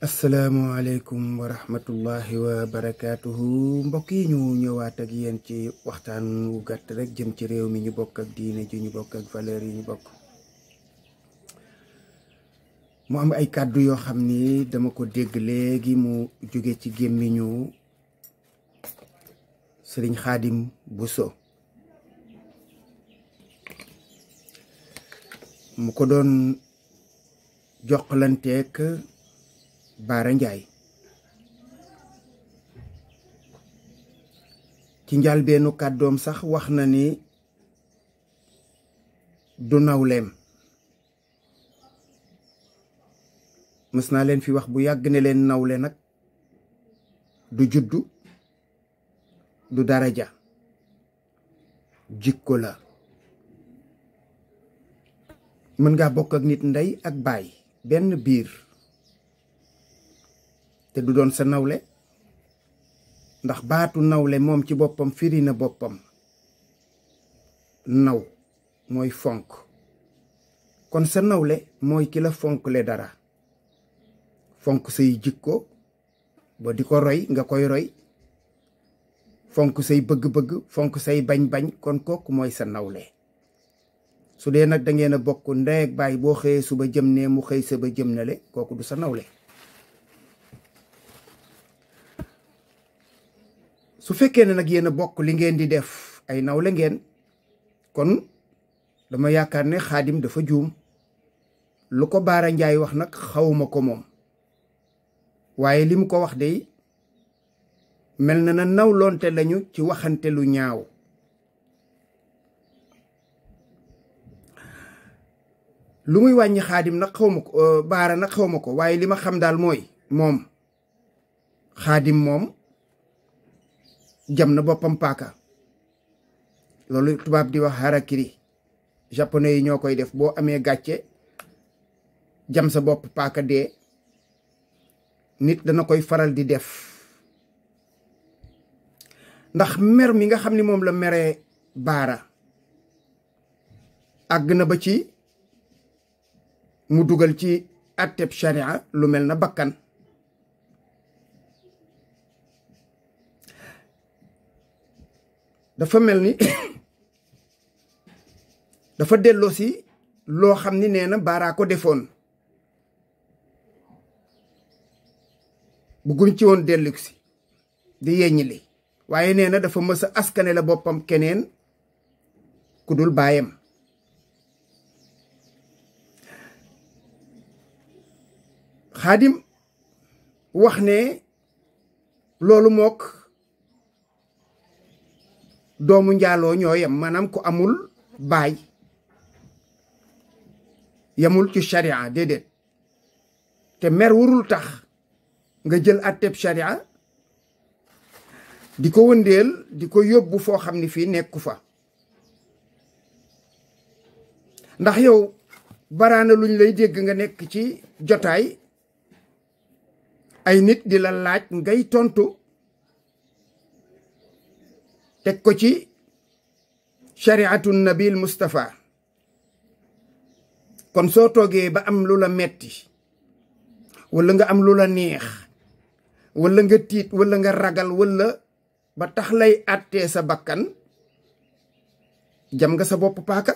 asalaamualeykum wa rahmatullahi wa barakaatuhu mbokk yi ñu ñëwaat ak yéen ci waxtaan wu gàtt rekk jëm ci réew mi ñu bokk ak diine ji ñu bokk ak valeur yi ñu bokk mu am ay kàddu yoo xam ni dama ko dégg léegi mu jóge ci gémmiñu sëriñ xaadim Bousso mu ko doon joxlanteek Baara Njaay ci njalbeenu kàddoom sax wax na ni du nawleem mës naa leen fi wax bu yàgg ne leen nawle nag du juddu du dara ja jikko la mën nga bokk ak nit ndey ak baay benn biir te du doon sa nawle ndax baatu nawle moom ci boppam firi na boppam naw mooy fonk kon sa nawle mooy ki la fonkle dara fonk say jikko ba di ko roy nga koy roy fonk say bëgg-bëgg fonk say bañ-bañ kon kooku mooy sa nawle su dee nag da ngeen a bokk ndey ak baay boo xëyee suba jëm ne mu xëy sa ba jëm nale kooku du sa nawle su fekkee ne nag yéen a bokk li ngeen di def ay nawle ngeen kon dama yaakaar ne xaadim dafa juum lu ko Baara Njaay wax nag xawuma ko moom waaye li mu ko wax de mel na na nawloonte lañu ci waxante lu ñaaw lu muy wàññi xaadim nag xawma ko euh, baara nag xawma ko waaye li ma xam daal mooy moom xaadim moom jam na boppam paaka loolu tubaab di wax harakiri japonais yi ñoo koy def boo amee gàcce jam sa bopp paaka dee nit dana koy faral di def ndax mer mi nga xam ni moom la meree baara àgg na ba ci mu dugal ci atteb sharia lu mel na bakkan dafa mel ni dafa delloo loo xam ni nee na baaraa defoon bëgguñ ci woon dellu si di yeññi li waaye nee na dafa mës askaneela boppam keneen ku dul baayam xaadim wax ne loolu mook doomu njaaloo ñoo yem maanaam ku amul baay yamul ci sharia déedéet te mer warul tax nga jël atteb sharia di ko wëndeel di ko yóbbu foo xam ni fii nekku fa ndax yow baraana luñ lay dégg nga nekk ci jotaay ay nit di la laaj ngay tontu teg ko ci shariatu nabil Mustapha kon soo toogee ba am lu la metti wala nga am lu la neex wala nga tiit wala nga ragal wala ba tax lay àttee sa bakkan jam nga sa bopp paaka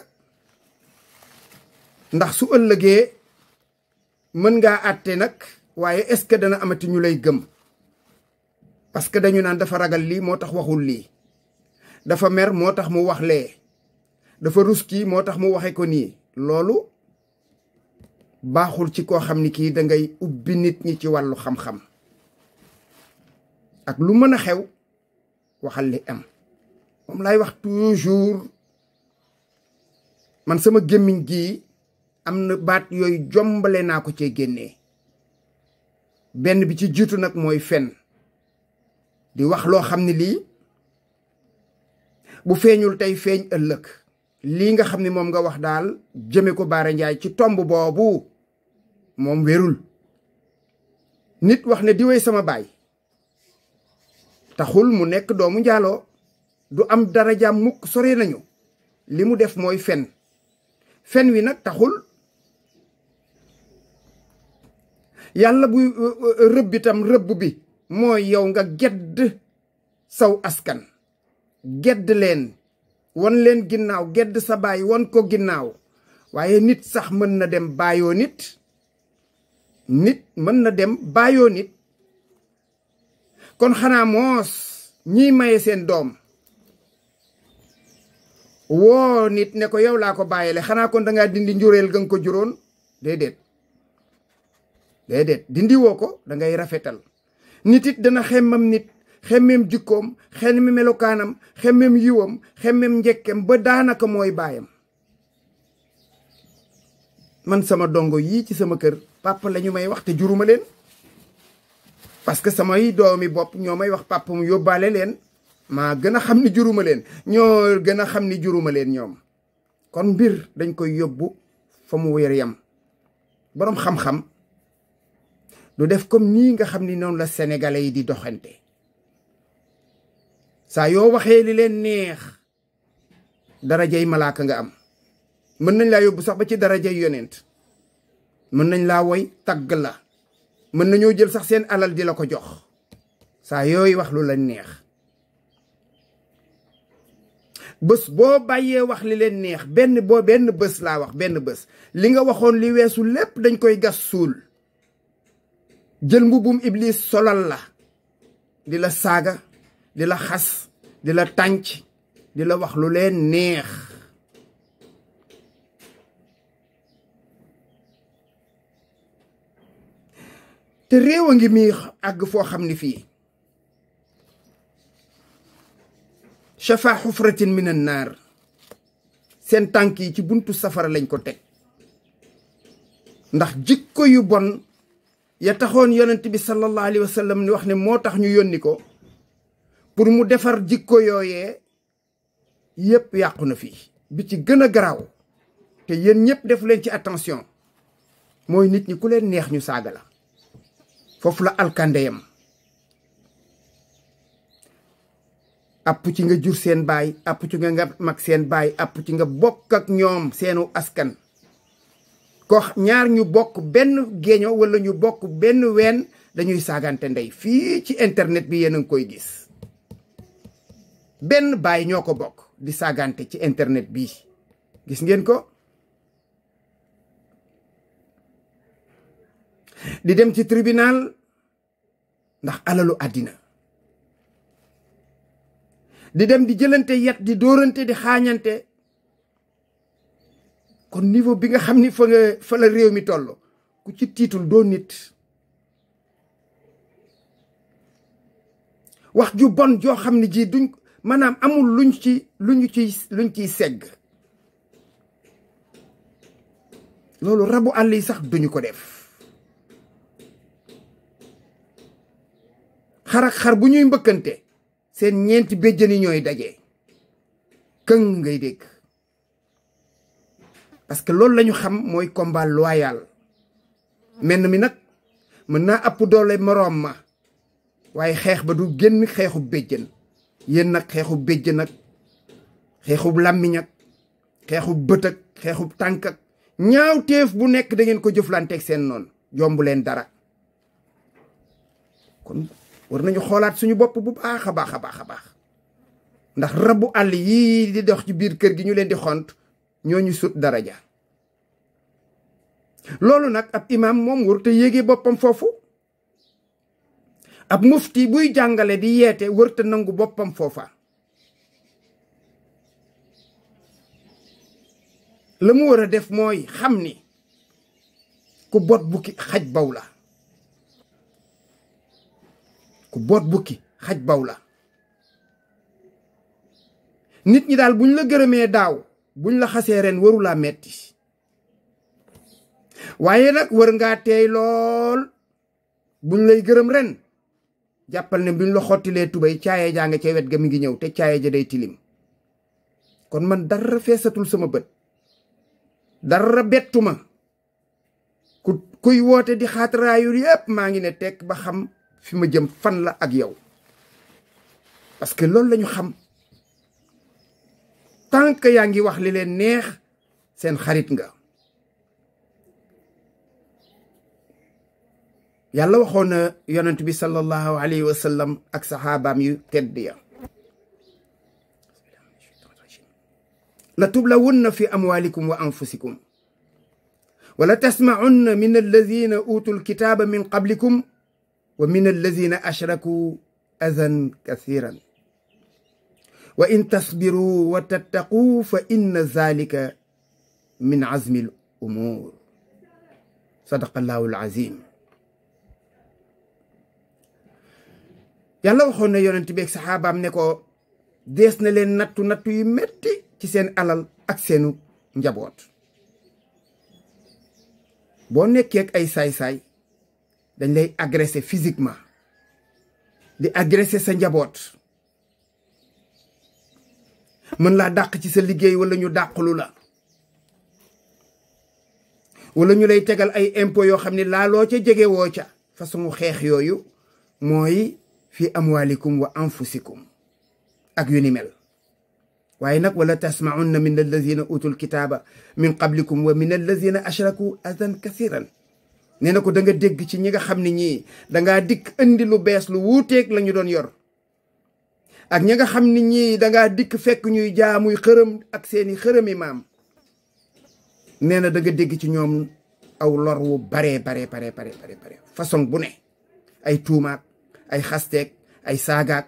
ndax su ëllëgee mën ngaa àtte nag waaye est-ce que dana amati ñu lay gëm parce que dañu naan dafa ragal lii moo tax waxul lii dafa mer moo tax mu wax lee dafa rus kii moo tax mu waxe ko nii loolu baaxul ci koo xam ni kii dangay ubbi nit ñi ci wàllu xam-xam ak lu mën a xew waxal li am moom laay wax toujours man sama gémmiñ gii am na baat yooyu jombale naa ko cee génnee benn bi ci jiitu nag mooy fen di wax loo xam ne lii bu feeñul tey feeñ ëllëg lii nga xam ni moom nga wax daal jëme ko baare njaay ci tomb boobu moom wérul nit wax ne diwee sama baay taxul mu nekk doomu njaaloo du am darajaam mukk sore nañu li mu def mooy fen fen wi nag taxul yàlla bu rëbb itam rëbb bi mooy yow nga gedd saw askan gedd leen won leen ginnaaw gedd sa baay won ko ginnaaw waaye nit sax mën na dem baayoo nit nit mën na dem baayoo nit kon xanaa moos ñiy maye seen doom woo nit ne ko yow laa ko bàyyile xanaa kon dangaa dindi njureel ga ko juróon déedéet déedéet dindi woo ko dangay rafetal nit it dana xemmam nit xemmeem jikkoom xemmeem melokaanam xemmeem yiwam xemmeem njekkem ba daanaka mooy baayam man sama dongo yii ci sama kër papa la ñu may wax te juruma leen parce que samay doomi bopp ñoo may wax papa mu yóbbaale leen maa gën a xam ni juruma leen ñoo gën a xam ni juruma leen ñoom kon mbir dañ koy yóbbu fa mu wér yam boroom xam-xam du def comme nii nga xam ni noonu la sénégalais yi di doxante saa yoo waxee li leen neex darajay malaaka nga am mën nañ laa yóbbu sax ba ci darajay yonent mën nañ laa woy tagg la mën nañoo jël sax seen alal di la ko jox saa yooy wax lu leen neex bës boo bàyyee wax li leen neex benn boo benn bës laa wax benn bës li nga waxoon li weesu lépp dañ koy gas suul jël mbubum iblis solal la di la saaga di la xas di la tànc di la wax lu leen neex te réew a ngi miix àgg foo xam ni fii chafa xufratin mina naar seen tànk yi ci buntu safara lañ ko teg ndax jikko yu bon ya taxoon yonent bi sallallahu alayhi wa sallam ni wax ne moo tax ñu yónni ko pour mu defar jikko yooyee yëpp yàqu na fii bi ci gën a garaaw te yéen ñëpp def leen ci attention mooy nit ñi ku leen neex ñu saaga la foofu la alkandeyam app ci nga jur seen baay app ci nga mag seen baay app ci nga bokk ak ñoom seenu askan ko ñaar ñu bokk benn géeño wala ñu bokk benn ween dañuy saagante ndey fii ci internet bi yéen a ngi koy gis benn baay ñoo ko bokk di saagante ci internet bii gis ngeen ko di dem ci tribunal ndax alalu àddina di dem di jëlante yat di dóorante di xaañante kon niveau bi nga xam ni fa la réew mi toll ku ci tiitul doo nit wax ju bon joo xam ne ji duñ maanaam amul luñ ci luñ ciy luñ ciy segg loolu rabu àll yi sax duñu ko def xar ak xar bu ñuy mbëkkante seen ñeenti béjjën yi ñooy daje këng ngay dégg parce que loolu lañu xam mooy combat loyal menn mi nag mën naa ëpp doole moroom ma waaye xeex ba du génn xeexu béjjën yéen nag xeexub béjj nag xeexub làmmiñ xeexub bët xeexub tànk ñaaw teef bu nekk da ngeen ko jëflanteek seen noonu jomb leen dara kon war nañu xoolaat suñu bopp bu baax a baax a baax a baax ndax rabu àll yii di dox ci biir kër gi ñu leen di xont ñooñu sut daraja loolu nag ab imaam moom warut a yéegee boppam foofu ab mufti buy jàngale di yeete wërta nangu boppam foofa la mu war a def mooy xam ni ku boot bukki xaj baw la ku boot bukki xaj baw la nit ñi daal buñ la gërëmee daaw buñ la xasee ren warulaa metti waaye nag wër ngaa teey lool buñ lay gërëm ren jàppal ne bi ñu la xottilee tubéy caaye jaa nga cee wet ga mi ngi ñëw te caaye ja day tilim kon man dara feesatul sama bët dara bettu ma ku kuy woote di xaataraayu yépp maa ngi ne tekk ba xam fi ma jëm fan la ak yow parce que loolu lañu xam tant yaa ngi wax li leen neex seen xarit nga yàlla waxoon na yonent bi sallallahu alayhi wa sallam ak saxaabaam yu tedd ya la tublawunna fi amwalikum wa anfusikum wala tasma'unna min alladina utul kitaaba min qablikum wa min alladina ashraku azan kathiran wa in tasbiru wa tattaqu fa inna zalika min azmi al umur sadaqa allahu al azim yàlla waxoon na yonent bi ak saxaabaam ne ko dees na leen nattu nattu yu metti ci seen alal ak seenu njaboot boo nekkee ay saay-saay dañ lay agressé physiquement di agressé sa njaboot mën laa dàq ci sa liggéey wala ñu dàqulu la wala ñu lay tegal ay impôt yoo xam ne laaloo ca jegewoo ca façon xeex yooyu mooy fi amwalikum wa anfusikum ak yu ni mel waaye nag wala tasmaunna min allazina utul kitaaba min qablikum wa min allazina ashraku azan kasiran nee na ko da dégg ci ñi nga xam ne ñii dangaa dikk indi lu bees lu wuuteeg la doon yor ak ñi nga xam ne ñii dangaa dikk fekk ñuy jaamuy xërëm ak seeni xërëmi maam nee na da nga dégg ci ñoom aw lor wu baree baree bare bare bare bare façon bu ne ay tuumaat ay xasteeg ay saagaak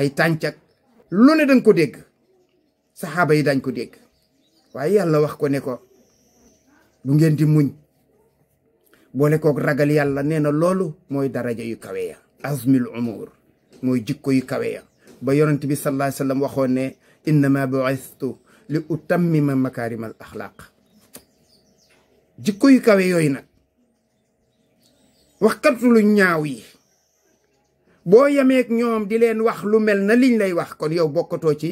ay tàncak lu ne dañ ko dégg saxaaba yi dañ ko dégg waaye yàlla wax ko ne ko lu ngeen di muñ boole kook ragal yàlla nee na loolu mooy daraja yu kawe ya azmil umur mooy jikko yu kawe ba yonent bi sallallahu alayhi wasallam waxoon ne innama bu'istu li utammima makaarimal axlaaq jikko yu kawe yooyu nag waxkatu lu ñaaw boo yemeek ñoom di leen wax lu mel na liñ lay wax kon yow bokkatoo ci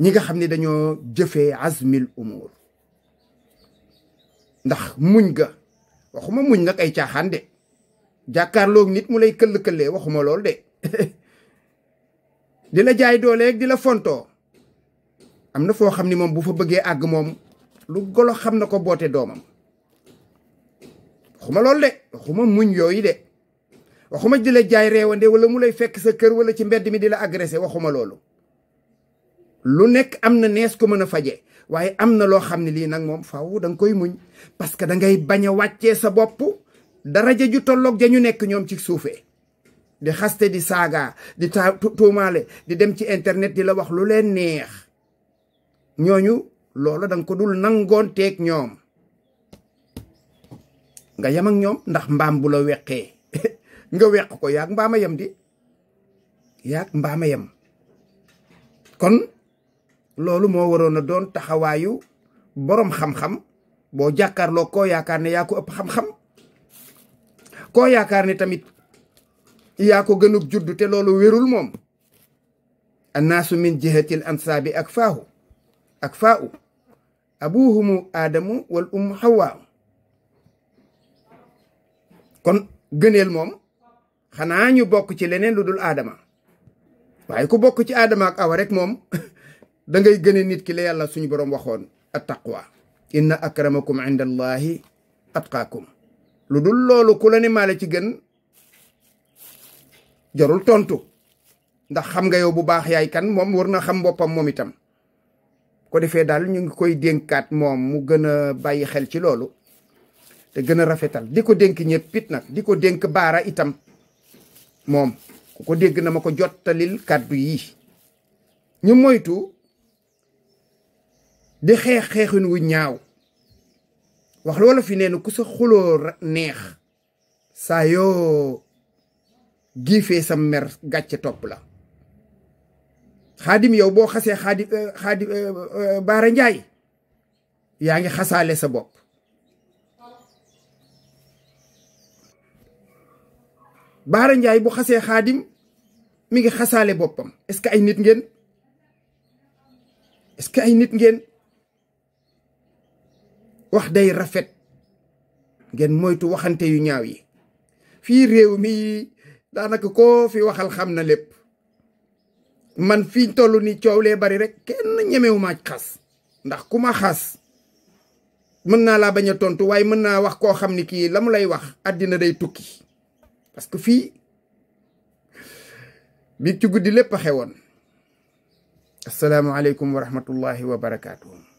ñi nga xam ni dañoo jëfee azmil umur ndax muñ ga waxuma muñ nag ay caaxaan de jàkkaarloog nit mu lay këll-këllee waxuma lool de di la jaay dooleeg di la fontoo am na foo xam ni moom bu fa bëggee àgg moom lu golo xam na ko boote doomam waxuma lool de waxuma muñ yooyu de waxuma di la jaay reewande wala mu lay fekk sa kër wala ci mbedd mi di la agressé waxuma loolu lu nekk am na nees ko mën a faje waaye am na loo xam ne lii nag moom faw da nga koy muñ parce que da ngay bañ a wàccee sa bopp daraja ju tolloog ja ñu nekk ñoom ci suufee di xaste di saagaa di ta tuumaale di dem ci internet di la wax lu leen neex ñooñu loola danga ko dul nangoon nangoonteeg ñoom nga yam ak ñoom ndax mbaam bu la weqee nga weq ko yaag mbaama yam di yaag mbaama yem kon loolu moo waroon a doon taxawaayu boroom xam-xam boo jàkkaarloo koo yaakaar ne yaa ko ëpp xam-xam koo yaakaar ne tamit yaa ko gënug juddu te loolu wérul moom annaasu min jihatil ansaabi ak faahu ak faau abuhumu aadamu wal ummu xawaa kon gëneel moom xanaa ñu bokk ci leneen lu dul aadama waaye ku bokk ci aadama ak rek moom dangay ngay gëne nit ki la yàlla suñu borom waxoon at taqwa inna akramakum inda allahi atqaakum lu dul loolu ku la ne maa la ci gën jarul tontu ndax xam nga yow bu baax yaay kan moom war na xam boppam moom itam ko defee daal ñu ngi koy dénkaat moom mu gën a bàyyi xel ci loolu te gën a rafetal di ko dénk ñëpp nag di ko dénk baara itam moom ku ko dégg na ma ko jottalil kàddu yi ñu moytu di xeex xeexin wu ñaaw wax loola fi nee na ku sa xuloo neex saa yoo giifee sa mer gàcce topp la xaadim yow boo xasee xaadim xaadim njaay yaa ngi xasaale sa bopp Baara Ndiaye bu xasee xaadim mi ngi xasaale boppam est-ce que ay nit ngeen est-ce que ay nit ngeen wax day rafet ngeen moytu waxante yu ñaaw yi fii réew mi daanaka koo fi waxal xam na lépp man fii toll ni coow lee bari rek kenn ñemewu ma xas ndax ku ma xas mën naa laa bañ a tontu waaye mën naa wax koo xam ni kii la mu lay wax àddina day tukki parce que fii biig ci guddi lépp a xewoon asalaamaaleykum wa rahmatullahi wa barakaatu.